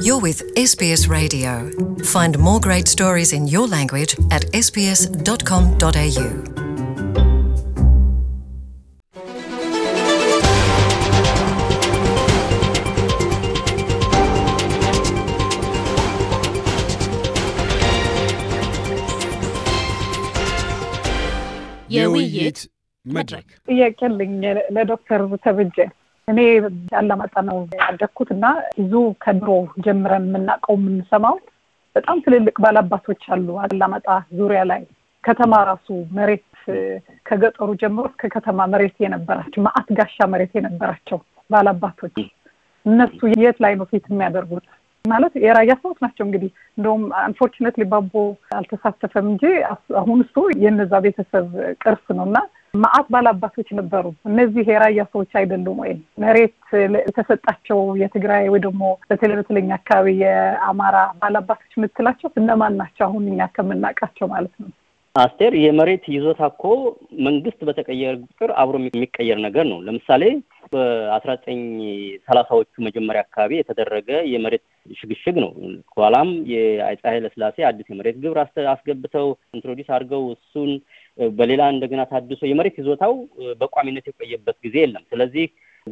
You're with SBS Radio. Find more great stories in your language at sbs.com.au. የውይይት መድረክ የቀልኝ ለዶክተር ተበጀ እኔ አላማጣ ነው ያደግኩት እና ብዙ ከድሮ ጀምረን የምናውቀው የምንሰማው በጣም ትልልቅ ባላባቶች አሉ አላማጣ ዙሪያ ላይ ከተማ ራሱ መሬት ከገጠሩ ጀምሮ እስከ ከተማ መሬት የነበራቸው ማአት ጋሻ መሬት የነበራቸው ባላባቶች እነሱ የት ላይ ነው ፊት የሚያደርጉት? ማለት የራያ ሰዎች ናቸው። እንግዲህ እንደውም አንፎርችነት ሊባቦ አልተሳተፈም እንጂ አሁን እሱ የነዛ ቤተሰብ ቅርስ ነው እና ማአት ባላባቶች ነበሩ። እነዚህ የራያ ሰዎች አይደሉም ወይ? መሬት የተሰጣቸው የትግራይ ወይ ደግሞ በተለይ በተለኛ አካባቢ የአማራ ባላባቶች የምትላቸው እነማን ናቸው? አሁን እኛ ከምናውቃቸው ማለት ነው። አስቴር፣ የመሬት ይዞታ እኮ መንግስት በተቀየረ ቁጥር አብሮ የሚቀየር ነገር ነው። ለምሳሌ በአስራ ዘጠኝ ሰላሳዎቹ መጀመሪያ አካባቢ የተደረገ የመሬት ሽግሽግ ነው። ከኋላም የአፄ ስላሴ አዲስ የመሬት ግብር አስገብተው ኢንትሮዲስ አድርገው እሱን በሌላ እንደገና ታድሶ የመሬት ይዞታው በቋሚነት የቆየበት ጊዜ የለም። ስለዚህ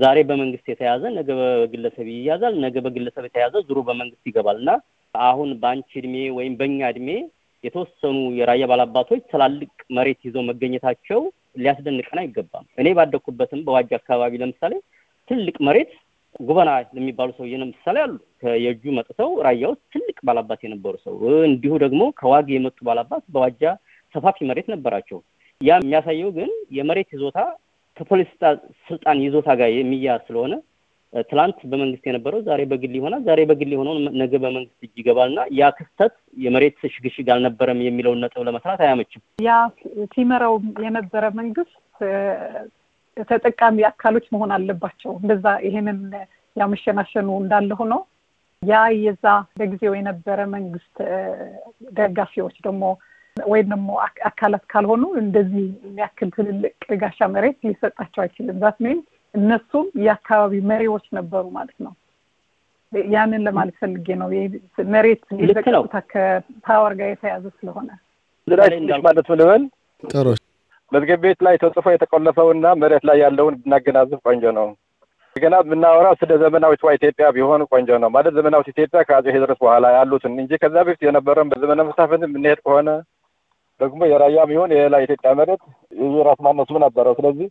ዛሬ በመንግስት የተያዘ ነገ በግለሰብ ይያዛል፣ ነገ በግለሰብ የተያዘ ዙሮ በመንግስት ይገባል እና አሁን በአንቺ እድሜ ወይም በእኛ እድሜ የተወሰኑ የራያ ባላባቶች ትላልቅ መሬት ይዘው መገኘታቸው ሊያስደንቀን አይገባም። እኔ ባደኩበትም በዋጅ አካባቢ ለምሳሌ ትልቅ መሬት ጉበና የሚባሉ ሰውዬ ለምሳሌ አሉ። ከየጁ መጥተው ራያ ውስጥ ትልቅ ባላባት የነበሩ ሰው፣ እንዲሁ ደግሞ ከዋግ የመጡ ባላባት በዋጃ ሰፋፊ መሬት ነበራቸው። ያ የሚያሳየው ግን የመሬት ይዞታ ከፖለቲካ ስልጣን ይዞታ ጋር የሚያያዝ ስለሆነ ትላንት በመንግስት የነበረው ዛሬ በግል ይሆናል፣ ዛሬ በግል የሆነው ነገ በመንግስት እጅ ይገባል እና ያ ክስተት የመሬት ሽግሽግ አልነበረም የሚለውን ነጥብ ለመስራት አያመችም። ያ ሲመራው የነበረ መንግስት ተጠቃሚ አካሎች መሆን አለባቸው። እንደዛ ይሄንን ያመሸናሸኑ እንዳለ ሆኖ ያ የዛ በጊዜው የነበረ መንግስት ደጋፊዎች ደግሞ ወይም ደግሞ አካላት ካልሆኑ እንደዚህ የሚያክል ትልልቅ ጋሻ መሬት ሊሰጣቸው አይችልም። ዛት ሚን እነሱም የአካባቢ መሪዎች ነበሩ ማለት ነው። ያንን ለማለት ፈልጌ ነው። መሬት የሰጡታ ከፓወር ጋር የተያዘ ስለሆነ ዝናሽ ማለት ምን ልበል ጥሩ መዝገብ ቤት ላይ ተጽፎ የተቆለፈውና መሬት ላይ ያለውን ብናገናዝብ ቆንጆ ነው። ገና ብናወራ ስለ ዘመናዊቷ ኢትዮጵያ ቢሆን ቆንጆ ነው። ማለት ዘመናዊት ኢትዮጵያ ከአጼ ቴዎድሮስ በኋላ ያሉትን እንጂ ከዛ በፊት የነበረን በዘመነ መሳፍንት የምንሄድ ከሆነ ደግሞ የራያም ይሁን የሌላ ኢትዮጵያ መሬት የራስ ማነሱ ነበረው። ስለዚህ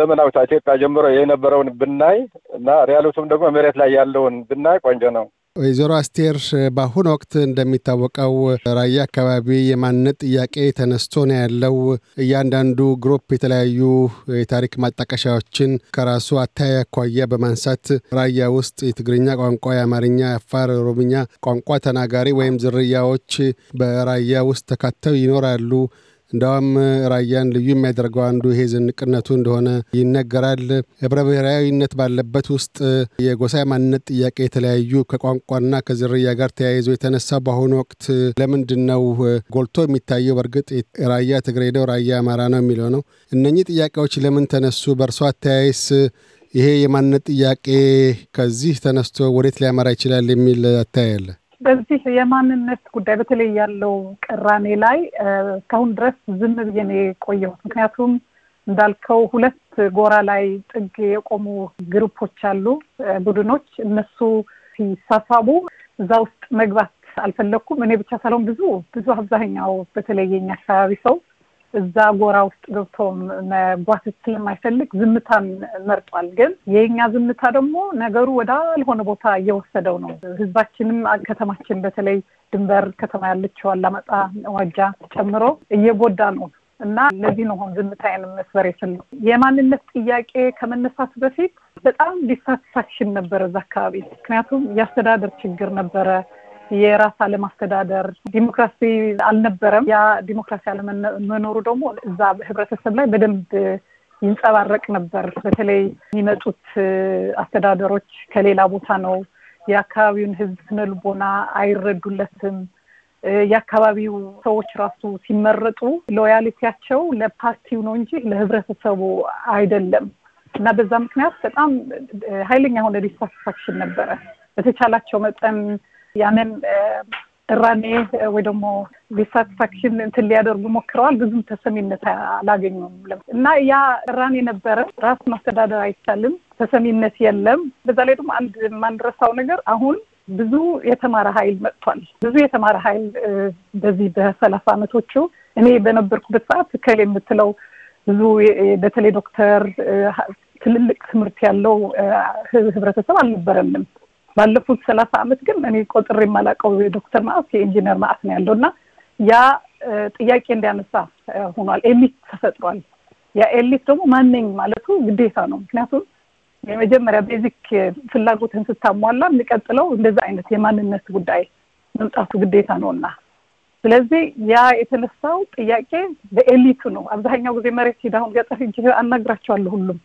ዘመናዊቷ ኢትዮጵያ ጀምሮ የነበረውን ብናይ እና ሪያሊቱም ደግሞ መሬት ላይ ያለውን ብናይ ቆንጆ ነው። ወይዘሮ አስቴር በአሁኑ ወቅት እንደሚታወቀው ራያ አካባቢ የማንነት ጥያቄ ተነስቶ ነው ያለው። እያንዳንዱ ግሩፕ የተለያዩ የታሪክ ማጣቀሻዎችን ከራሱ አታይ አኳያ በማንሳት ራያ ውስጥ የትግርኛ ቋንቋ፣ የአማርኛ፣ የአፋር፣ ኦሮምኛ ቋንቋ ተናጋሪ ወይም ዝርያዎች በራያ ውስጥ ተካተው ይኖራሉ። እንደውም ራያን ልዩ የሚያደርገው አንዱ ይሄ ዝንቅነቱ እንደሆነ ይነገራል። ህብረ ብሔራዊነት ባለበት ውስጥ የጎሳ ማንነት ጥያቄ የተለያዩ ከቋንቋና ከዝርያ ጋር ተያይዞ የተነሳ በአሁኑ ወቅት ለምንድን ነው ጎልቶ የሚታየው? በእርግጥ ራያ ትግሬ ነው፣ ራያ አማራ ነው የሚለው ነው። እነኚህ ጥያቄዎች ለምን ተነሱ? በእርሷ አተያይስ ይሄ የማንነት ጥያቄ ከዚህ ተነስቶ ወዴት ሊያመራ ይችላል የሚል አታያለ በዚህ የማንነት ጉዳይ በተለይ ያለው ቅራኔ ላይ እስካሁን ድረስ ዝም ብዬ ነው የቆየሁት። ምክንያቱም እንዳልከው ሁለት ጎራ ላይ ጥግ የቆሙ ግሩፖች አሉ፣ ቡድኖች። እነሱ ሲሳሳቡ እዛ ውስጥ መግባት አልፈለግኩም። እኔ ብቻ ሳልሆን ብዙ ብዙ አብዛኛው በተለይ የኛ አካባቢ ሰው እዛ ጎራ ውስጥ ገብቶ መጓተት ስለማይፈልግ ዝምታን መርጧል። ግን የኛ ዝምታ ደግሞ ነገሩ ወዳልሆነ ቦታ እየወሰደው ነው። ህዝባችንም ከተማችን በተለይ ድንበር ከተማ ያለችው አላማጣ፣ ዋጃ ጨምሮ እየጎዳ ነው እና ለዚህ ነው ዝምታዬን መስበር የፈለኩት። የማንነት ጥያቄ ከመነሳቱ በፊት በጣም ዲሳትስፋክሽን ነበረ እዛ አካባቢ፣ ምክንያቱም የአስተዳደር ችግር ነበረ የራስ አለማስተዳደር ዲሞክራሲ አልነበረም። ያ ዲሞክራሲ አለመኖሩ ደግሞ እዛ ህብረተሰብ ላይ በደንብ ይንጸባረቅ ነበር። በተለይ የሚመጡት አስተዳደሮች ከሌላ ቦታ ነው። የአካባቢውን ህዝብ ስነልቦና አይረዱለትም። የአካባቢው ሰዎች ራሱ ሲመረጡ ሎያሊቲያቸው ለፓርቲው ነው እንጂ ለህብረተሰቡ አይደለም እና በዛ ምክንያት በጣም ኃይለኛ የሆነ ዲስሳቲስፋክሽን ነበረ። በተቻላቸው መጠን ያንን እራኔ ወይ ደግሞ ዲሳትስፋክሽን እንትን ሊያደርጉ ሞክረዋል። ብዙም ተሰሚነት አላገኙም እና ያ እራኔ የነበረ ራስ ማስተዳደር አይቻልም፣ ተሰሚነት የለም። በዛ ላይ ደግሞ አንድ የማንረሳው ነገር አሁን ብዙ የተማረ ኃይል መጥቷል። ብዙ የተማረ ኃይል በዚህ በሰላሳ አመቶቹ እኔ በነበርኩበት ሰዓት ከሌ የምትለው ብዙ በተለይ ዶክተር ትልልቅ ትምህርት ያለው ህብረተሰብ አልነበረንም። ባለፉት ሰላሳ አመት ግን እኔ ቆጥሬ የማላውቀው የዶክተር ማዕት የኢንጂነር ማዕት ነው ያለው እና ያ ጥያቄ እንዲያነሳ ሆኗል። ኤሊት ተፈጥሯል። ያ ኤሊት ደግሞ ማነኝ ማለቱ ግዴታ ነው። ምክንያቱም የመጀመሪያ ቤዚክ ፍላጎትን ስታሟላ የሚቀጥለው እንደዛ አይነት የማንነት ጉዳይ መምጣቱ ግዴታ ነው እና ስለዚህ ያ የተነሳው ጥያቄ በኤሊቱ ነው። አብዛኛው ጊዜ መሬት ሄዳሁን ገጠር ሂጅ አናግራቸዋለሁ ሁሉም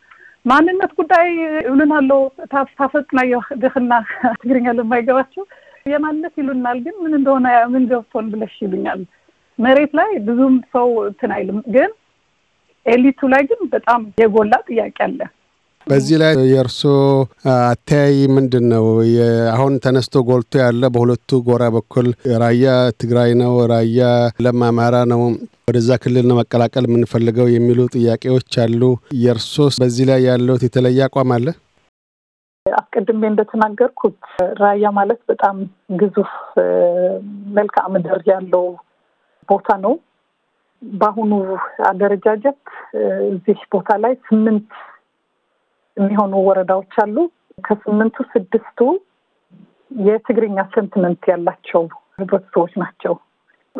ማንነት ጉዳይ ይብልናለው ታፈጥናዮ ድኽና ትግርኛ ለማይገባቸው የማንነት ይሉናል። ግን ምን እንደሆነ ምን ገብቶን ብለሽ ይሉኛል። መሬት ላይ ብዙም ሰው እንትን አይልም፣ ግን ኤሊቱ ላይ ግን በጣም የጎላ ጥያቄ አለ። በዚህ ላይ የእርሶ አተያይ ምንድን ነው? አሁን ተነስቶ ጎልቶ ያለ በሁለቱ ጎራ በኩል ራያ ትግራይ ነው፣ ራያ ለም አማራ ነው፣ ወደዛ ክልል ነው መቀላቀል የምንፈልገው የሚሉ ጥያቄዎች አሉ። የእርሶስ በዚህ ላይ ያለውት የተለየ አቋም አለ? አስቀድሜ እንደተናገርኩት ራያ ማለት በጣም ግዙፍ መልክዓ ምድር ያለው ቦታ ነው። በአሁኑ አደረጃጀት እዚህ ቦታ ላይ ስምንት የሚሆኑ ወረዳዎች አሉ። ከስምንቱ ስድስቱ የትግርኛ ሴንቲመንት ያላቸው ህብረተሰቦች ናቸው።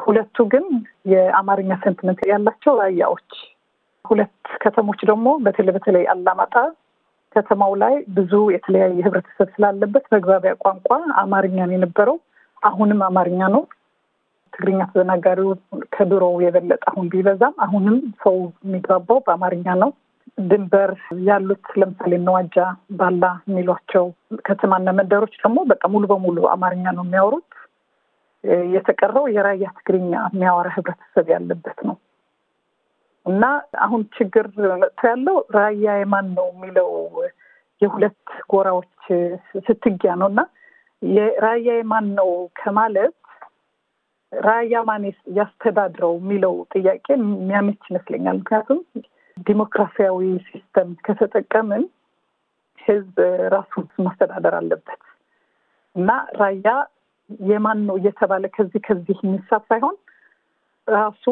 ሁለቱ ግን የአማርኛ ሴንቲመንት ያላቸው ራያዎች፣ ሁለት ከተሞች ደግሞ በተለይ በተለይ አላማጣ ከተማው ላይ ብዙ የተለያየ ህብረተሰብ ስላለበት መግባቢያ ቋንቋ አማርኛን የነበረው። አሁንም አማርኛ ነው። ትግርኛ ተዘናጋሪው ከድሮው የበለጠ አሁን ቢበዛም አሁንም ሰው የሚግባባው በአማርኛ ነው። ድንበር ያሉት ለምሳሌ ነዋጃ ባላ የሚሏቸው ከተማና መንደሮች ደግሞ በቃ ሙሉ በሙሉ አማርኛ ነው የሚያወሩት። የተቀረው የራያ ትግርኛ የሚያወራ ህብረተሰብ ያለበት ነው እና አሁን ችግር መጥቶ ያለው ራያ የማን ነው የሚለው የሁለት ጎራዎች ስትጊያ ነው እና የራያ የማን ነው ከማለት ራያ ማን ያስተዳድረው የሚለው ጥያቄ የሚያመች ይመስለኛል ምክንያቱም ዲሞክራሲያዊ ሲስተም ከተጠቀምን ህዝብ ራሱን ማስተዳደር አለበት እና ራያ የማን ነው እየተባለ ከዚህ ከዚህ የሚሳብ ሳይሆን ራሱ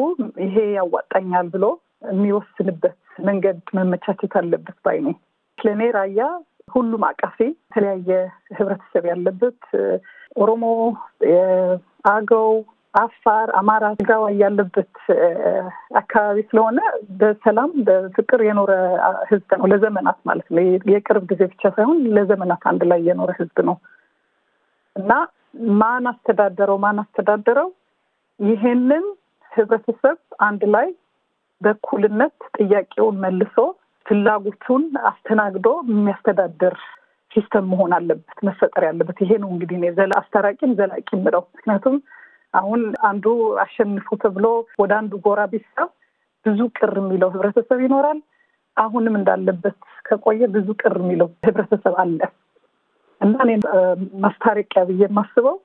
ይሄ ያዋጣኛል ብሎ የሚወስንበት መንገድ መመቻቸት አለበት ባይ ነኝ። ለእኔ ራያ ሁሉም አቃፊ የተለያየ ህብረተሰብ ያለበት ኦሮሞ፣ አገው፣ አፋር፣ አማራ፣ ጋዋ ያለበት አካባቢ ስለሆነ በሰላም በፍቅር የኖረ ህዝብ ነው ለዘመናት ማለት ነው። የቅርብ ጊዜ ብቻ ሳይሆን ለዘመናት አንድ ላይ የኖረ ህዝብ ነው እና ማን አስተዳደረው ማን አስተዳደረው ይሄንን ህብረተሰብ አንድ ላይ በእኩልነት ጥያቄውን መልሶ ፍላጎቱን አስተናግዶ የሚያስተዳድር ሲስተም መሆን አለበት መፈጠር ያለበት ይሄ ነው እንግዲህ ዘላ አስታራቂም ዘላቂ ምለው ምክንያቱም አሁን አንዱ አሸንፉ ተብሎ ወደ አንዱ ጎራ ቢሳብ ብዙ ቅር የሚለው ህብረተሰብ ይኖራል። አሁንም እንዳለበት ከቆየ ብዙ ቅር የሚለው ህብረተሰብ አለ እና እኔ ማስታረቂያ ብዬ የማስበው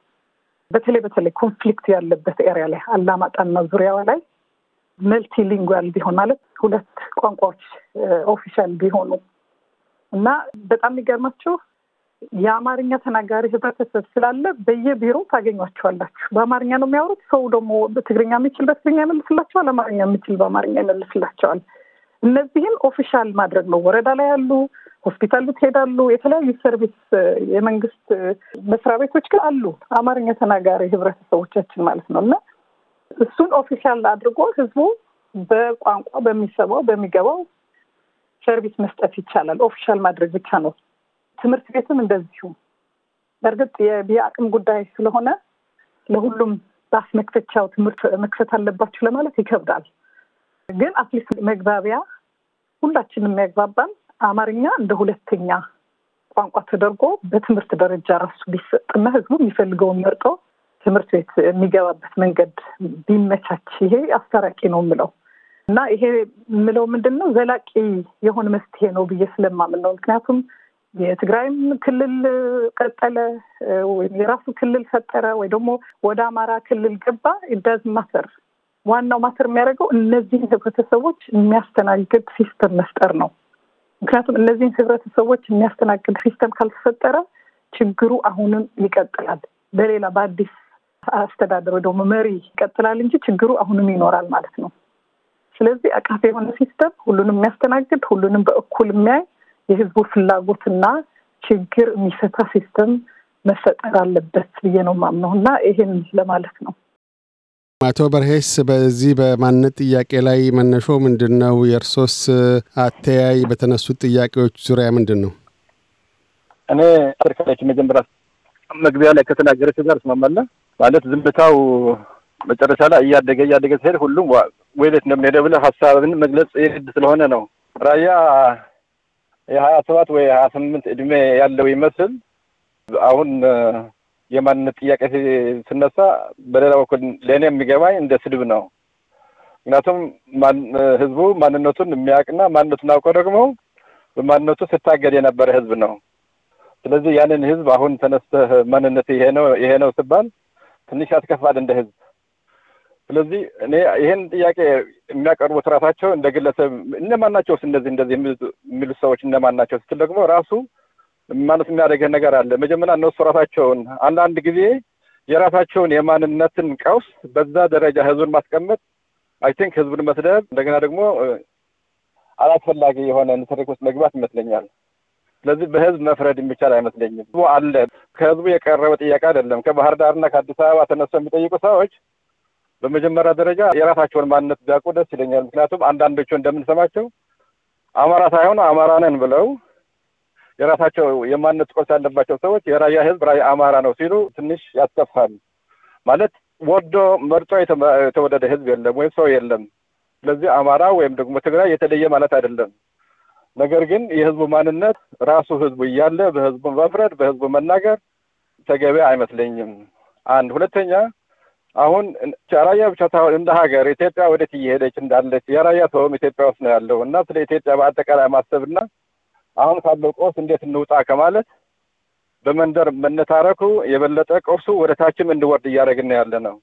በተለይ በተለይ ኮንፍሊክት ያለበት ኤሪያ ላይ አላማጣና ዙሪያዋ ላይ መልቲ ሊንጓል ቢሆን ማለት ሁለት ቋንቋዎች ኦፊሻል ቢሆኑ እና በጣም የሚገርማቸው የአማርኛ ተናጋሪ ህብረተሰብ ስላለ በየቢሮ ታገኟቸዋላችሁ። በአማርኛ ነው የሚያወሩት። ሰው ደግሞ በትግርኛ የሚችል በትግርኛ ይመልስላቸዋል፣ አማርኛ የሚችል በአማርኛ ይመልስላቸዋል። እነዚህን ኦፊሻል ማድረግ ነው። ወረዳ ላይ ያሉ ሆስፒታል ትሄዳሉ። የተለያዩ ሰርቪስ የመንግስት መስሪያ ቤቶች ግን አሉ አማርኛ ተናጋሪ ህብረተሰቦቻችን ማለት ነው እና እሱን ኦፊሻል አድርጎ ህዝቡ በቋንቋ በሚሰባው በሚገባው ሰርቪስ መስጠት ይቻላል። ኦፊሻል ማድረግ ብቻ ነው ትምህርት ቤትም እንደዚሁ። በእርግጥ የአቅም ጉዳይ ስለሆነ ለሁሉም በአፍ መክፈቻው ትምህርት መክፈት አለባቸው ለማለት ይከብዳል። ግን አትሊስት መግባቢያ ሁላችንም የሚያግባባን አማርኛ እንደ ሁለተኛ ቋንቋ ተደርጎ በትምህርት ደረጃ ራሱ ቢሰጥና ህዝቡ የሚፈልገውን መርጦ ትምህርት ቤት የሚገባበት መንገድ ቢመቻች፣ ይሄ አስታራቂ ነው የምለው እና ይሄ የምለው ምንድን ነው ዘላቂ የሆነ መፍትሄ ነው ብዬ ስለማምን ነው። ምክንያቱም የትግራይም ክልል ቀጠለ ወይም የራሱ ክልል ፈጠረ ወይ ደግሞ ወደ አማራ ክልል ገባ ኢዳዝ ማተር ዋናው ማተር የሚያደርገው እነዚህን ህብረተሰቦች የሚያስተናግድ ሲስተም መፍጠር ነው። ምክንያቱም እነዚህን ህብረተሰቦች የሚያስተናግድ ሲስተም ካልተፈጠረ ችግሩ አሁንም ይቀጥላል። በሌላ በአዲስ አስተዳደር ወይ ደግሞ መሪ ይቀጥላል እንጂ ችግሩ አሁንም ይኖራል ማለት ነው። ስለዚህ አቃፊ የሆነ ሲስተም ሁሉንም የሚያስተናግድ ሁሉንም በእኩል የሚያይ የህዝቡ ፍላጎትና ችግር የሚፈታ ሲስተም መፈጠር አለበት ብዬ ነው ማምነው እና ይሄን ለማለት ነው። አቶ በርሄስ በዚህ በማንነት ጥያቄ ላይ መነሾ ምንድን ነው? የእርሶስ አተያይ በተነሱት ጥያቄዎች ዙሪያ ምንድን ነው? እኔ አፍሪካ ላይ መጀመሪያ መግቢያ ላይ ከተናገረችው ጋር እስማማለሁ። ማለት ዝምታው መጨረሻ ላይ እያደገ እያደገ ሲሄድ ሁሉም ወዴት እንደምንሄደ ብለህ ሀሳብን መግለጽ የግድ ስለሆነ ነው ራያ የሀያ ሰባት ወይ ሀያ ስምንት እድሜ ያለው ይመስል አሁን የማንነት ጥያቄ ስነሳ በሌላ በኩል ለእኔ የሚገባኝ እንደ ስድብ ነው። ምክንያቱም ህዝቡ ማንነቱን የሚያውቅና ማንነቱን አውቆ ደግሞ በማንነቱ ስታገድ የነበረ ህዝብ ነው። ስለዚህ ያንን ህዝብ አሁን ተነስተህ ማንነት ይሄ ነው ይሄ ነው ስባል ትንሽ ያስከፋል እንደ ህዝብ ስለዚህ እኔ ይህን ጥያቄ የሚያቀርቡት ራሳቸው እንደ ግለሰብ እነማን ናቸውስ? እንደዚህ እንደዚህ የሚሉት ሰዎች እነማን ናቸው ስትል ደግሞ ራሱ ማለት የሚያደገህ ነገር አለ። መጀመሪያ እነሱ ራሳቸውን አንዳንድ ጊዜ የራሳቸውን የማንነትን ቀውስ በዛ ደረጃ ህዝብን ማስቀመጥ አይ ቲንክ ህዝብን መስደብ እንደገና ደግሞ አላስፈላጊ የሆነ ንትርክ ውስጥ መግባት ይመስለኛል። ስለዚህ በህዝብ መፍረድ የሚቻል አይመስለኝም። አለ ከህዝቡ የቀረበ ጥያቄ አይደለም። ከባህር ዳርና ከአዲስ አበባ ተነሶ የሚጠይቁ ሰዎች በመጀመሪያ ደረጃ የራሳቸውን ማንነት ቢያውቁ ደስ ይለኛል። ምክንያቱም አንዳንዶቹ እንደምንሰማቸው አማራ ሳይሆን አማራ ነን ብለው የራሳቸው የማንነት ጥቆስ ያለባቸው ሰዎች የራያ ህዝብ ራያ አማራ ነው ሲሉ ትንሽ ያስከፋል። ማለት ወዶ መርጦ የተወደደ ህዝብ የለም ወይም ሰው የለም። ስለዚህ አማራ ወይም ደግሞ ትግራይ የተለየ ማለት አይደለም። ነገር ግን የህዝቡ ማንነት ራሱ ህዝቡ እያለ በህዝቡ መፍረድ፣ በህዝቡ መናገር ተገቢ አይመስለኝም። አንድ ሁለተኛ አሁን ራያ ብቻ ሳይሆን እንደ ሀገር ኢትዮጵያ ወዴት እየሄደች እንዳለች የራያ ሰውም ኢትዮጵያ ውስጥ ነው ያለው እና ስለ ኢትዮጵያ በአጠቃላይ ማሰብና አሁን ካለው ቆስ እንዴት እንውጣ ከማለት በመንደር መነታረኩ የበለጠ ቆሱ ወደ ታችም እንዲወርድ እያደረግን ያለ ነው።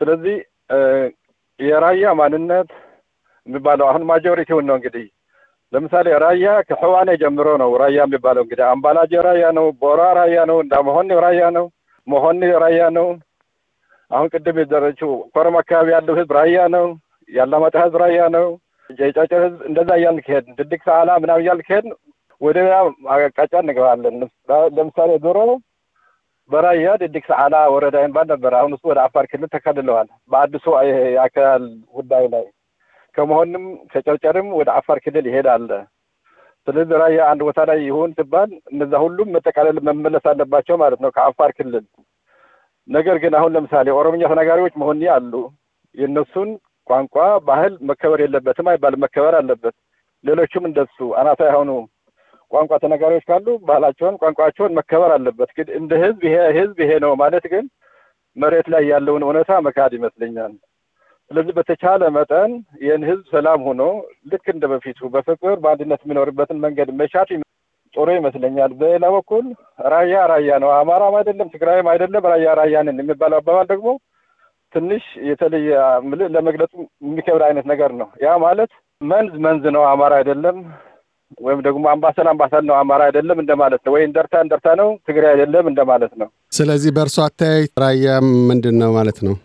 ስለዚህ የራያ ማንነት የሚባለው አሁን ማጆሪቲውን ነው እንግዲህ ለምሳሌ ራያ ከሕዋኔ ጀምሮ ነው ራያ የሚባለው እንግዲህ አምባላጅ ራያ ነው፣ ቦራ ራያ ነው፣ መሆን ራያ ነው፣ መሆን ራያ ነው። አሁን ቅድም የዘረችው ኮረም አካባቢ ያለው ህዝብ ራያ ነው። ያላማጣ ህዝብ ራያ ነው። የጨጨር ህዝብ እንደዛ እያልን ከሄድን ድድቅ ሰዓላ ምናምን እያልን ከሄድን ወደ ሌላ አቅጣጫ እንገባለን። ለምሳሌ ዞሮ በራያ ድድቅ ሰዓላ ወረዳ ይባል ነበር። አሁን እሱ ወደ አፋር ክልል ተከልለዋል። በአዲሱ የአካል ጉዳይ ላይ ከመሆንም ከጨርጨርም ወደ አፋር ክልል ይሄዳል። ስለዚህ ራያ አንድ ቦታ ላይ ይሁን ትባል እነዛ ሁሉም መጠቃለል መመለስ አለባቸው ማለት ነው ከአፋር ክልል ነገር ግን አሁን ለምሳሌ ኦሮምኛ ተናጋሪዎች መሆን አሉ። የእነሱን ቋንቋ ባህል መከበር የለበትም አይባል፣ መከበር አለበት። ሌሎቹም እንደሱ አናታ የሆኑ ቋንቋ ተናጋሪዎች ካሉ ባህላቸውን፣ ቋንቋቸውን መከበር አለበት። ግን እንደ ህዝብ ይሄ ህዝብ ይሄ ነው ማለት ግን መሬት ላይ ያለውን እውነታ መካድ ይመስለኛል። ስለዚህ በተቻለ መጠን ይህን ህዝብ ሰላም ሆኖ ልክ እንደ በፊቱ በፍቅር በአንድነት የሚኖርበትን መንገድ መሻት ጥሩ ይመስለኛል። በሌላ በኩል ራያ ራያ ነው፣ አማራም አይደለም ትግራይም አይደለም ራያ ራያ ነን የሚባለው አባባል ደግሞ ትንሽ የተለየ ለመግለጹ የሚከብድ አይነት ነገር ነው። ያ ማለት መንዝ መንዝ ነው አማራ አይደለም፣ ወይም ደግሞ አምባሰል አምባሰል ነው አማራ አይደለም እንደማለት ነው። ወይ እንደርታ እንደርታ ነው ትግራይ አይደለም እንደማለት ነው። ስለዚህ በእርሶ አተያይ ራያ ምንድን ነው ማለት ነው?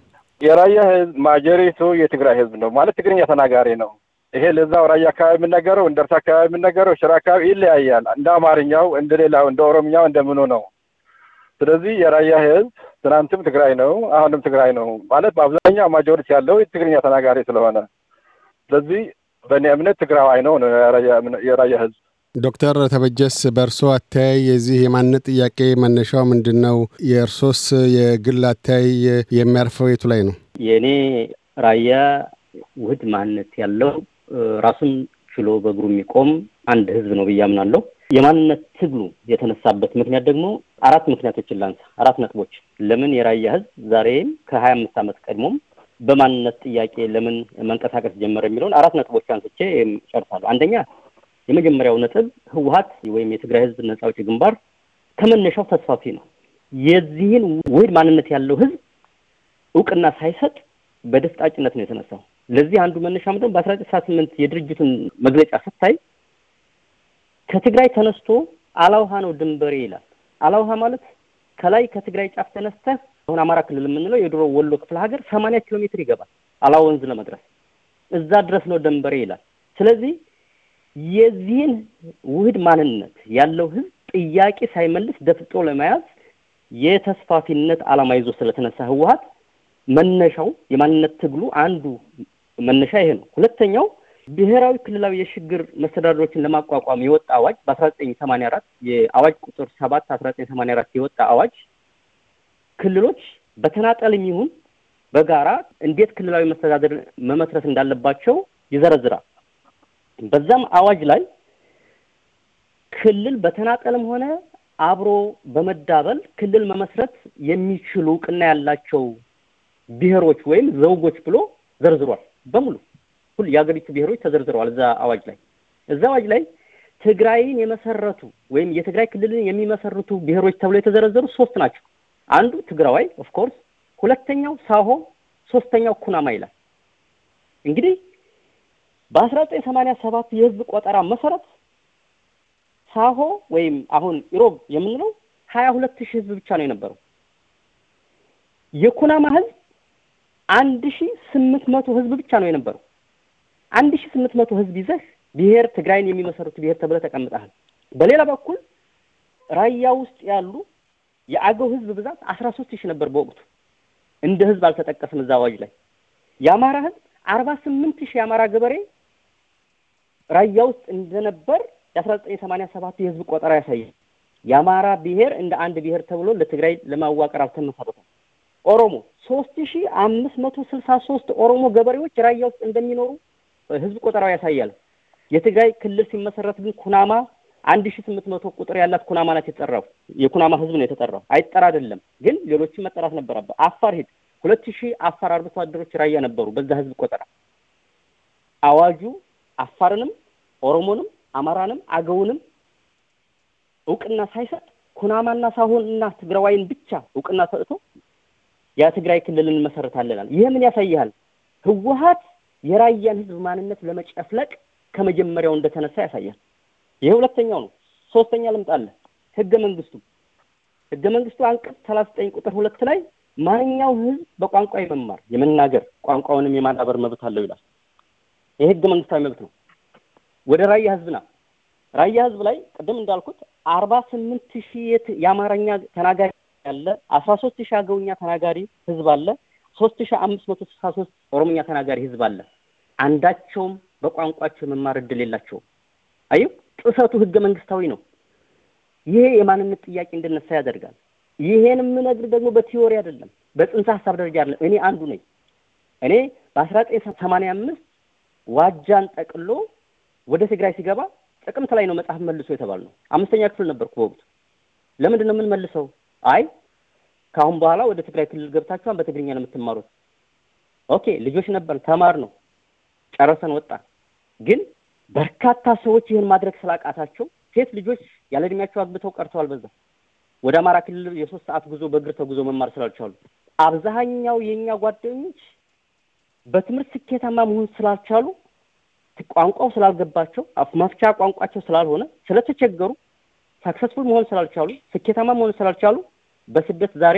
የራያ ህዝብ ማጀሪቱ የትግራይ ህዝብ ነው ማለት ትግርኛ ተናጋሪ ነው። ይሄ ለዛው ራያ አካባቢ የምነገረው እንደርሳ አካባቢ የምነገረው ሽራ አካባቢ ይለያያል። እንደ አማርኛው፣ እንደ ሌላው፣ እንደ ኦሮምኛው እንደምኑ ነው። ስለዚህ የራያ ህዝብ ትናንትም ትግራይ ነው፣ አሁንም ትግራይ ነው ማለት በአብዛኛው ማጆሪቲ ያለው ትግርኛ ተናጋሪ ስለሆነ ስለዚህ በእኔ እምነት ትግራዋይ ነው ነው የራያ ህዝብ። ዶክተር ተበጀስ በእርሶ አተያይ የዚህ የማንነት ጥያቄ መነሻው ምንድን ነው? የእርሶስ የግል አተያይ የሚያርፈው የቱ ላይ ነው? የእኔ ራያ ውህድ ማንነት ያለው ራሱን ችሎ በእግሩ የሚቆም አንድ ህዝብ ነው ብዬ አምናለሁ። የማንነት ትግሉ የተነሳበት ምክንያት ደግሞ አራት ምክንያቶችን ላንሳ፣ አራት ነጥቦች። ለምን የራያ ህዝብ ዛሬም ከሀያ አምስት ዓመት ቀድሞም በማንነት ጥያቄ ለምን መንቀሳቀስ ጀመረ የሚለውን አራት ነጥቦች አንስቼ ጨርሳለሁ። አንደኛ፣ የመጀመሪያው ነጥብ ህወሀት ወይም የትግራይ ህዝብ ነጻ አውጪ ግንባር ከመነሻው ተስፋፊ ነው። የዚህን ውህድ ማንነት ያለው ህዝብ እውቅና ሳይሰጥ በደፍጣጭነት ነው የተነሳው። ለዚህ አንዱ መነሻ ምንድነው? በአስራ ዘጠኝ ስምንት የድርጅቱን መግለጫ ስታይ ከትግራይ ተነስቶ አላውሃ ነው ድንበሬ ይላል። አላውሃ ማለት ከላይ ከትግራይ ጫፍ ተነስተ አሁን አማራ ክልል የምንለው የድሮ ወሎ ክፍለ ሀገር ሰማንያ ኪሎ ሜትር ይገባል አላወንዝ ወንዝ ለመድረስ እዛ ድረስ ነው ድንበሬ ይላል። ስለዚህ የዚህን ውህድ ማንነት ያለው ህዝብ ጥያቄ ሳይመልስ ደፍጦ ለመያዝ የተስፋፊነት አላማ ይዞ ስለተነሳ ህወሀት መነሻው የማንነት ትግሉ አንዱ መነሻ ይሄ ነው። ሁለተኛው ብሔራዊ ክልላዊ የሽግግር መስተዳድሮችን ለማቋቋም የወጣ አዋጅ በ1984 የአዋጅ ቁጥር 7 አራት የወጣ አዋጅ ክልሎች በተናጠልም ይሁን በጋራ እንዴት ክልላዊ መስተዳደር መመስረት እንዳለባቸው ይዘረዝራል። በዛም አዋጅ ላይ ክልል በተናጠልም ሆነ አብሮ በመዳበል ክልል መመስረት የሚችሉ እውቅና ያላቸው ብሔሮች ወይም ዘውጎች ብሎ ዘርዝሯል። በሙሉ ሁሉ የሀገሪቱ ብሔሮች ተዘርዝረዋል እዛ አዋጅ ላይ እዛ አዋጅ ላይ ትግራይን የመሰረቱ ወይም የትግራይ ክልልን የሚመሰርቱ ብሔሮች ተብለው የተዘረዘሩ ሶስት ናቸው። አንዱ ትግራዋይ ኦፍኮርስ፣ ሁለተኛው ሳሆ፣ ሶስተኛው ኩናማ ይላል። እንግዲህ በአስራ ዘጠኝ ሰባት የህዝብ ቆጠራ መሰረት ሳሆ ወይም አሁን ኢሮብ የምንለው ሀያ ሁለት ሺህ ህዝብ ብቻ ነው የነበረው የኩናማ ህዝብ አንድ ሺ ስምንት መቶ ህዝብ ብቻ ነው የነበረው። አንድ ሺ ስምንት መቶ ህዝብ ይዘህ ብሔር ትግራይን የሚመሰርቱ ብሔር ተብለህ ተቀምጠሃል። በሌላ በኩል ራያ ውስጥ ያሉ የአገው ህዝብ ብዛት አስራ ሶስት ሺህ ነበር በወቅቱ እንደ ህዝብ አልተጠቀስም እዛ አዋጅ ላይ። የአማራ ህዝብ አርባ ስምንት ሺህ የአማራ ገበሬ ራያ ውስጥ እንደነበር የአስራ ዘጠኝ ሰማንያ ሰባት የህዝብ ቆጠራ ያሳያል። የአማራ ብሔር እንደ አንድ ብሔር ተብሎ ለትግራይ ለማዋቀር አልተመሰረተም። ኦሮሞ ሶስት ሺ አምስት መቶ ስልሳ ሶስት ኦሮሞ ገበሬዎች ራያ ውስጥ እንደሚኖሩ ህዝብ ቆጠራው ያሳያል። የትግራይ ክልል ሲመሰረት ግን ኩናማ አንድ ሺ ስምንት መቶ ቁጥር ያላት ኩናማ ናት የተጠራው። የኩናማ ህዝብ ነው የተጠራው። አይጠራ አይደለም ግን ሌሎችም መጠራት ነበረበት። አፋር ሂድ ሁለት ሺህ አፋር አርብቶ አደሮች ራያ ነበሩ በዛ ህዝብ ቆጠራ። አዋጁ አፋርንም ኦሮሞንም አማራንም አገውንም እውቅና ሳይሰጥ ኩናማና ሳሆንና ትግራዋይን ብቻ እውቅና ሰጥቶ የትግራይ ክልል እንመሰርታለን። ይሄ ምን ያሳያል? ህወሀት የራያን ህዝብ ማንነት ለመጨፍለቅ ከመጀመሪያው እንደተነሳ ያሳያል። ይሄ ሁለተኛው ነው። ሶስተኛ ልምጣለ ህገ መንግስቱ ህገ መንግስቱ አንቀጽ ሰላሳ ዘጠኝ ቁጥር ሁለት ላይ ማንኛውም ህዝብ በቋንቋ የመማር የመናገር ቋንቋውንም የማዳበር መብት አለው ይላል። ይሄ ህገ መንግስታዊ መብት ነው። ወደ ራያ ህዝብና ራያ ህዝብ ላይ ቅድም እንዳልኩት አርባ ስምንት ሺህ የአማርኛ ተናጋሪ ያለ አስራ ሶስት ሺህ አገውኛ ተናጋሪ ህዝብ አለ። ሶስት ሺህ አምስት መቶ ስልሳ ሶስት ኦሮምኛ ተናጋሪ ህዝብ አለ። አንዳቸውም በቋንቋቸው የመማር እድል የላቸውም። አዩ ጥሰቱ ህገ መንግስታዊ ነው። ይሄ የማንነት ጥያቄ እንድነሳ ያደርጋል። ይሄን የምነግር ደግሞ በቲዮሪ አይደለም፣ በጽንሰ ሀሳብ ደረጃ አይደለም። እኔ አንዱ ነኝ። እኔ በአስራ ዘጠኝ ሰማንያ አምስት ዋጃን ጠቅሎ ወደ ትግራይ ሲገባ ጥቅምት ላይ ነው መጽሐፍ መልሶ የተባል ነው። አምስተኛ ክፍል ነበርኩ በወቅቱ። ለምንድን ነው የምንመልሰው? አይ ከአሁን በኋላ ወደ ትግራይ ክልል ገብታችኋን በትግርኛ ነው የምትማሩት። ኦኬ ልጆች ነበር ተማር ነው ጨረሰን ወጣ። ግን በርካታ ሰዎች ይህን ማድረግ ስላቃታቸው ሴት ልጆች ያለ እድሜያቸው አግብተው ቀርተዋል። በዛ ወደ አማራ ክልል የሶስት ሰዓት ጉዞ በእግር ተጉዞ መማር ስላልቻሉ አብዛኛው የእኛ ጓደኞች በትምህርት ስኬታማ መሆን ስላልቻሉ ቋንቋው ስላልገባቸው አፍ መፍቻ ቋንቋቸው ስላልሆነ ስለተቸገሩ ሳክሰስፉል መሆን ስላልቻሉ ስኬታማ መሆን ስላልቻሉ በስደት ዛሬ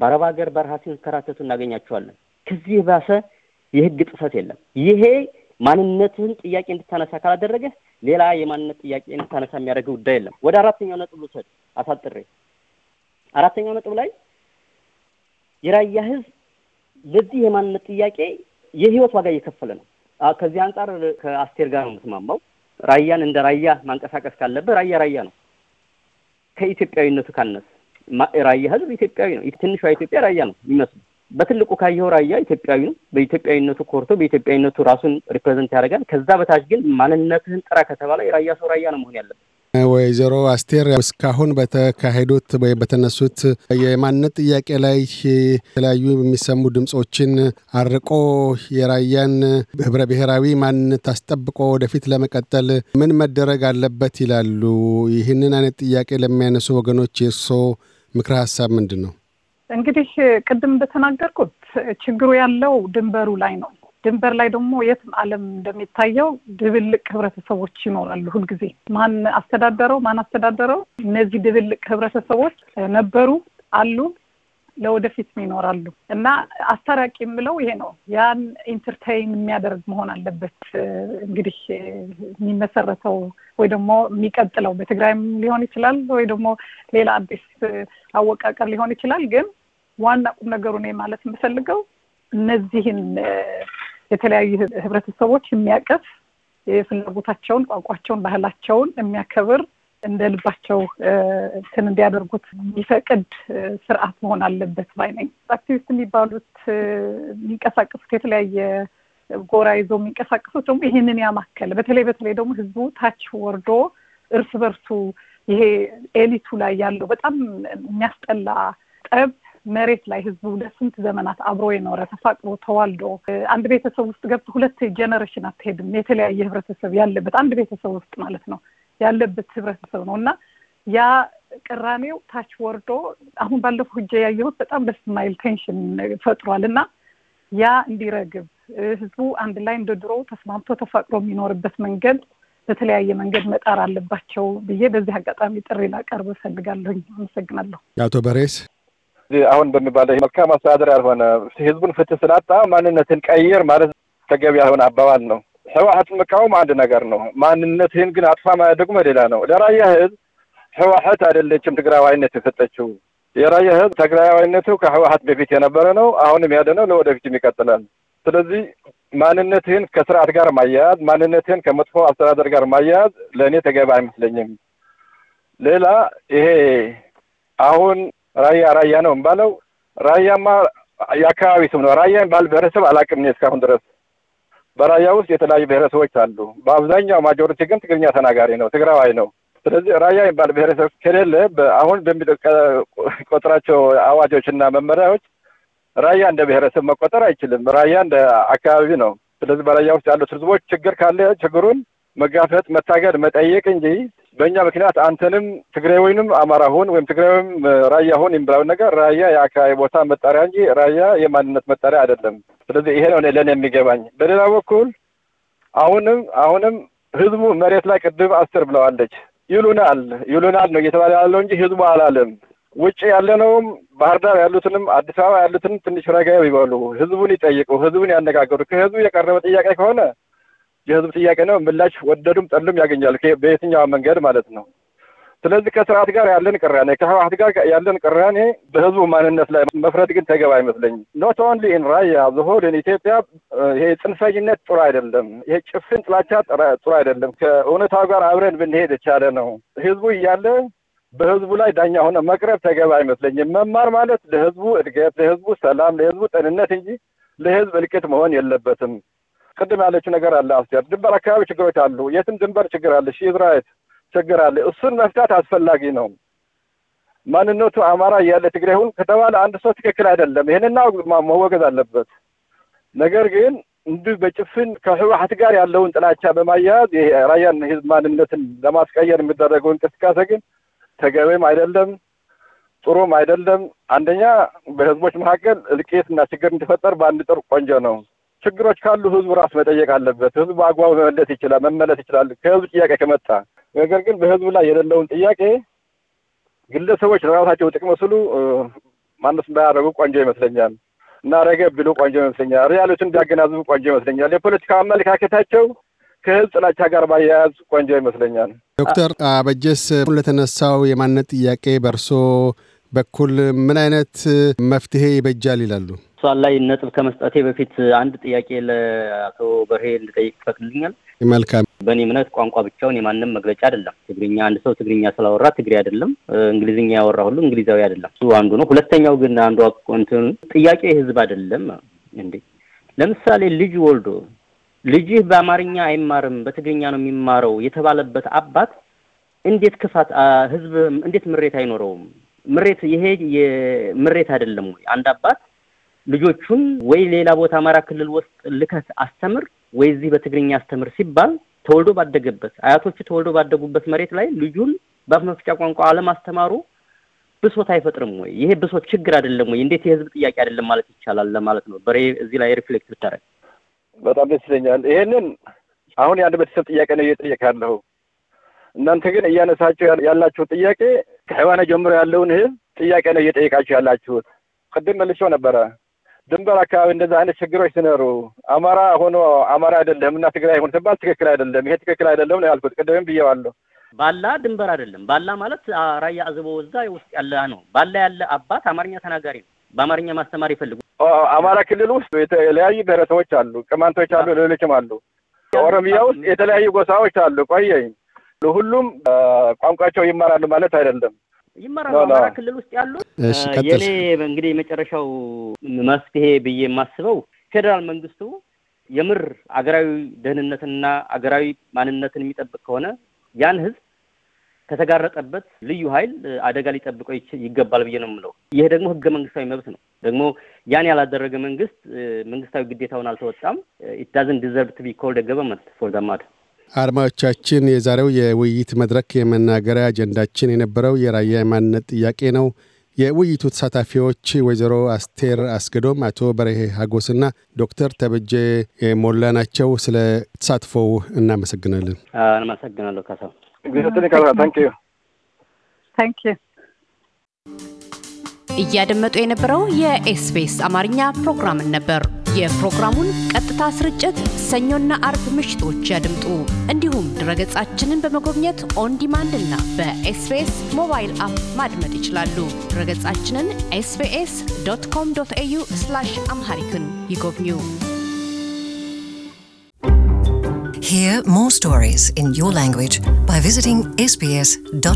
በአረብ ሀገር በረሃ ሲንከራተቱ እናገኛቸዋለን። ከዚህ የባሰ የህግ ጥሰት የለም። ይሄ ማንነትህን ጥያቄ እንድታነሳ ካላደረገ ሌላ የማንነት ጥያቄ እንድታነሳ የሚያደርገ ጉዳይ የለም። ወደ አራተኛው ነጥብ ልውሰድ አሳጥሬ። አራተኛው ነጥብ ላይ የራያ ህዝብ ለዚህ የማንነት ጥያቄ የህይወት ዋጋ እየከፈለ ነው። ከዚህ አንጻር ከአስቴር ጋር ነው የምትማማው። ራያን እንደ ራያ ማንቀሳቀስ ካለብህ ራያ ራያ ነው ከኢትዮጵያዊነቱ ካነስ ራያ ህዝብ ኢትዮጵያዊ ነው። ትንሿ ኢትዮጵያ ራያ ነው የሚመስሉ በትልቁ ካየው ራያ ኢትዮጵያዊ ነው። በኢትዮጵያዊነቱ ኮርቶ በኢትዮጵያዊነቱ ራሱን ሪፕሬዘንት ያደርጋል። ከዛ በታች ግን ማንነትህን ጥራ ከተባለ የራያ ሰው ራያ ነው መሆን ያለበት። ወይዘሮ አስቴር እስካሁን በተካሄዱት በተነሱት የማንነት ጥያቄ ላይ የተለያዩ የሚሰሙ ድምፆችን አርቆ የራያን ህብረ ብሔራዊ ማንነት አስጠብቆ ወደፊት ለመቀጠል ምን መደረግ አለበት ይላሉ? ይህንን አይነት ጥያቄ ለሚያነሱ ወገኖች የእርሶ ምክረ ሀሳብ ምንድን ነው? እንግዲህ ቅድም እንደተናገርኩት ችግሩ ያለው ድንበሩ ላይ ነው። ድንበር ላይ ደግሞ የትም ዓለም እንደሚታየው ድብልቅ ህብረተሰቦች ይኖራሉ። ሁልጊዜ ማን አስተዳደረው ማን አስተዳደረው። እነዚህ ድብልቅ ህብረተሰቦች ነበሩ፣ አሉ፣ ለወደፊትም ይኖራሉ እና አስታራቂ የምለው ይሄ ነው። ያን ኢንተርቴይን የሚያደርግ መሆን አለበት። እንግዲህ የሚመሰረተው ወይ ደግሞ የሚቀጥለው በትግራይም ሊሆን ይችላል ወይ ደግሞ ሌላ አዲስ አወቃቀር ሊሆን ይችላል። ግን ዋና ቁም ነገሩ እኔ ማለት የምፈልገው እነዚህን የተለያዩ ህብረተሰቦች የሚያቀፍ የፍላጎታቸውን፣ ቋንቋቸውን፣ ባህላቸውን የሚያከብር እንደ ልባቸው እንትን እንዲያደርጉት የሚፈቅድ ስርዓት መሆን አለበት ባይ ነኝ። አክቲቪስት የሚባሉት የሚንቀሳቀሱት የተለያየ ጎራ ይዞ የሚንቀሳቀሱት ደግሞ ይህንን ያማከለ በተለይ በተለይ ደግሞ ህዝቡ ታች ወርዶ እርስ በርሱ ይሄ ኤሊቱ ላይ ያለው በጣም የሚያስጠላ ጠብ መሬት ላይ ህዝቡ ለስንት ዘመናት አብሮ የኖረ ተፋቅሮ ተዋልዶ አንድ ቤተሰብ ውስጥ ገብቶ ሁለት ጀነሬሽን አትሄድም። የተለያየ ህብረተሰብ ያለበት አንድ ቤተሰብ ውስጥ ማለት ነው ያለበት ህብረተሰብ ነው እና ያ ቅራኔው ታች ወርዶ አሁን ባለፈው ሂጄ ያየሁት በጣም ደስ ቴንሽን ፈጥሯል እና ያ እንዲረግብ ህዝቡ አንድ ላይ እንደ ድሮ ተስማምቶ ተፋቅሮ የሚኖርበት መንገድ በተለያየ መንገድ መጣር አለባቸው ብዬ በዚህ አጋጣሚ ጥሪ ላቀርብ እፈልጋለሁኝ። አመሰግናለሁ። አቶ በሬስ አሁን በሚባለው መልካም አስተዳደር ያልሆነ ህዝቡን ፍትህ ስላጣ ማንነትን ቀይር ማለት ተገቢ ያልሆነ አባባል ነው። ህወሀትን መቃወም አንድ ነገር ነው። ማንነትህን ግን አጥፋ ማለት ደግሞ ሌላ ነው። ለራያ ህዝብ ህወሀት አይደለችም ትግራዋይነት የሰጠችው። የራያ ህዝብ ትግራዋይነቱ ከህወሀት በፊት የነበረ ነው፣ አሁንም ያለ ነው፣ ለወደፊትም ይቀጥላል። ስለዚህ ማንነትህን ከስርዓት ጋር ማያያዝ፣ ማንነትህን ከመጥፎ አስተዳደር ጋር ማያያዝ ለእኔ ተገቢ አይመስለኝም። ሌላ ይሄ አሁን ራያ ራያ ነው የምባለው ራያማ የአካባቢ ስም ነው። ራያ የሚባል ብሔረሰብ አላቅም እስካሁን ድረስ። በራያ ውስጥ የተለያዩ ብሔረሰቦች አሉ። በአብዛኛው ማጆሪቲ ግን ትግርኛ ተናጋሪ ነው፣ ትግራዋይ ነው። ስለዚህ ራያ የሚባል ብሔረሰብ ከሌለ አሁን በሚቆጥራቸው አዋጆች እና መመሪያዎች ራያ እንደ ብሔረሰብ መቆጠር አይችልም። ራያ እንደ አካባቢ ነው። ስለዚህ በራያ ውስጥ ያሉት ህዝቦች ችግር ካለ ችግሩን መጋፈጥ፣ መታገድ፣ መጠየቅ እንጂ በእኛ ምክንያት አንተንም ትግራይ ወይንም አማራ ሆን ወይም ትግራይ ወይም ራያ ሆን የሚባለውን ነገር ራያ የአካባቢ ቦታ መጣሪያ እንጂ ራያ የማንነት መጣሪያ አይደለም። ስለዚህ ይሄ ነው ለእኔ የሚገባኝ። በሌላ በኩል አሁንም አሁንም ህዝቡ መሬት ላይ ቅድም አስር ብለዋለች ይሉናል ይሉናል ነው እየተባለ ያለው እንጂ ህዝቡ አላለም። ውጭ ያለነውም ባህር ዳር ያሉትንም አዲስ አበባ ያሉትንም ትንሽ ረጋ ይበሉ፣ ህዝቡን ይጠይቁ፣ ህዝቡን ያነጋገሩ። ከህዝቡ የቀረበ ጥያቄ ከሆነ የህዝብ ጥያቄ ነው። ምላሽ ወደዱም ጠሉም ያገኛል፣ በየትኛው መንገድ ማለት ነው። ስለዚህ ከስርዓት ጋር ያለን ቅራኔ ከህወሓት ጋር ያለን ቅራኔ በህዝቡ ማንነት ላይ መፍረድ ግን ተገባ አይመስለኝም። ኖት ኦንሊ ኢን ራያ ዘሆል ኢትዮጵያ ይሄ ጽንፈኝነት ጥሩ አይደለም። ይሄ ጭፍን ጥላቻ ጥሩ አይደለም። ከእውነታው ጋር አብረን ብንሄድ የቻለ ነው። ህዝቡ እያለ በህዝቡ ላይ ዳኛ ሆነ መቅረብ ተገባ አይመስለኝም። መማር ማለት ለህዝቡ እድገት፣ ለህዝቡ ሰላም፣ ለህዝቡ ጤንነት እንጂ ለህዝብ እልቅት መሆን የለበትም። ቅድም ያለችው ነገር አለ አስቴር፣ ድንበር አካባቢ ችግሮች አሉ። የትም ድንበር ችግር አለ። ሽዝራይት ችግር አለ። እሱን መፍታት አስፈላጊ ነው። ማንነቱ አማራ እያለ ትግሬ ሁን ከተባለ አንድ ሰው ትክክል አይደለም። ይህንና መወገዝ አለበት። ነገር ግን እንዲህ በጭፍን ከህወሓት ጋር ያለውን ጥላቻ በማያያዝ የራያን ህዝብ ማንነትን ለማስቀየር የሚደረገው እንቅስቃሴ ግን ተገቢም አይደለም፣ ጥሩም አይደለም። አንደኛ በህዝቦች መካከል እልቂትና ችግር እንዲፈጠር በአንድ ጥር ቆንጆ ነው። ችግሮች ካሉ ህዝቡ ራሱ መጠየቅ አለበት። ህዝቡ አግባቡ መመለስ ይችላል መመለስ ይችላል ከህዝብ ጥያቄ ከመጣ። ነገር ግን በህዝቡ ላይ የሌለውን ጥያቄ ግለሰቦች ለራሳቸው ጥቅም ስሉ ማነስ ባያደረጉ ቆንጆ ይመስለኛል እና ረገብ ብሎ ቆንጆ ይመስለኛል። ሪያሊቱን እንዲያገናዝቡ ቆንጆ ይመስለኛል። የፖለቲካ አመለካከታቸው ከህዝብ ጥላቻ ጋር ባያያዝ ቆንጆ ይመስለኛል። ዶክተር አበጀስ ለተነሳው የማንነት ጥያቄ በእርሶ በኩል ምን አይነት መፍትሄ ይበጃል ይላሉ? እሷን ላይ ነጥብ ከመስጠቴ በፊት አንድ ጥያቄ ለአቶ በርሄ እንድጠይቅ ይፈቅድልኛል? መልካም። በእኔ እምነት ቋንቋ ብቻውን የማንም መግለጫ አይደለም። ትግርኛ አንድ ሰው ትግርኛ ስላወራ ትግሬ አይደለም፣ እንግሊዝኛ ያወራ ሁሉ እንግሊዛዊ አይደለም። እሱ አንዱ ነው። ሁለተኛው ግን አንዱ እንትን ጥያቄ ህዝብ አይደለም እንዴ? ለምሳሌ ልጅ ወልዶ ልጅህ በአማርኛ አይማርም በትግርኛ ነው የሚማረው የተባለበት አባት እንዴት ክፋት ህዝብ እንዴት ምሬት አይኖረውም? ምሬት ይሄ ምሬት አይደለም ወይ? አንድ አባት ልጆቹን ወይ ሌላ ቦታ አማራ ክልል ውስጥ ልከት አስተምር ወይ እዚህ በትግርኛ አስተምር ሲባል ተወልዶ ባደገበት አያቶቹ ተወልዶ ባደጉበት መሬት ላይ ልጁን በአፍ መፍጫ ቋንቋ አለማስተማሩ ብሶት አይፈጥርም ወይ? ይሄ ብሶት ችግር አይደለም ወይ? እንዴት የህዝብ ጥያቄ አይደለም ማለት ይቻላል ለማለት ነው። በሬ እዚህ ላይ ሪፍሌክት ብታደርግ በጣም ደስ ይለኛል። ይሄንን አሁን የአንድ ቤተሰብ ጥያቄ ነው እየጠየቅ ያለው። እናንተ ግን እያነሳችሁ ያላችሁ ጥያቄ ከህዋነ ጀምሮ ያለውን ህዝብ ጥያቄ ነው እየጠየቃችሁ ያላችሁት። ቅድም መልሼው ነበረ ድንበር አካባቢ እንደዚ አይነት ችግሮች ሲኖሩ አማራ ሆኖ አማራ አይደለም እና ትግራይ ሆኖ ትባል ትክክል አይደለም። ይሄ ትክክል አይደለም ነው ያልኩት። ቅድምም ብዬዋለሁ። ባላ ድንበር አይደለም። ባላ ማለት ራያ አዘቦ ወዛ ውስጥ ያለ ነው። ባላ ያለ አባት አማርኛ ተናጋሪ ነው። በአማርኛ ማስተማር ይፈልጉ። አማራ ክልል ውስጥ የተለያዩ ብሔረሰቦች አሉ፣ ቅማንቶች አሉ፣ ሌሎችም አሉ። ኦሮሚያ ውስጥ የተለያዩ ጎሳዎች አሉ። ቆየኝ ሁሉም ቋንቋቸው ይማራሉ ማለት አይደለም። ይመራ አማራ ክልል ውስጥ ያሉት የኔ እንግዲህ የመጨረሻው መፍትሄ ብዬ የማስበው ፌዴራል መንግስቱ የምር አገራዊ ደህንነትና አገራዊ ማንነትን የሚጠብቅ ከሆነ ያን ህዝብ ከተጋረጠበት ልዩ ኃይል አደጋ ሊጠብቀው ይገባል ብዬ ነው የምለው። ይሄ ደግሞ ህገ መንግስታዊ መብት ነው። ደግሞ ያን ያላደረገ መንግስት መንግስታዊ ግዴታውን አልተወጣም። ኢት ዲዘርቭ ቱ ቢ ኮልድ ገቨርንመንት ፎር ማተር አድማጮቻችን፣ የዛሬው የውይይት መድረክ የመናገሪያ አጀንዳችን የነበረው የራያ የማንነት ጥያቄ ነው። የውይይቱ ተሳታፊዎች ወይዘሮ አስቴር አስገዶም፣ አቶ ሀጎስ ሀጎስና ዶክተር ተበጀ ሞላ ናቸው። ስለ ተሳትፎው እናመሰግናለን። እናመሰግናለሁ። ካሳው እያደመጡ የነበረው የኤስፔስ አማርኛ ፕሮግራምን ነበር። የፕሮግራሙን ቀጥታ ስርጭት ሰኞና አርብ ምሽቶች ያድምጡ። እንዲሁም ድረገጻችንን በመጎብኘት ኦን ዲማንድ እና በኤስቢኤስ ሞባይል አፕ ማድመጥ ይችላሉ። ድረገጻችንን ኤስቢኤስ ዶት ኮም ዶት ኤዩ አምሃሪክን ይጎብኙ። Hear more stories in your language by visiting sbs.com.au.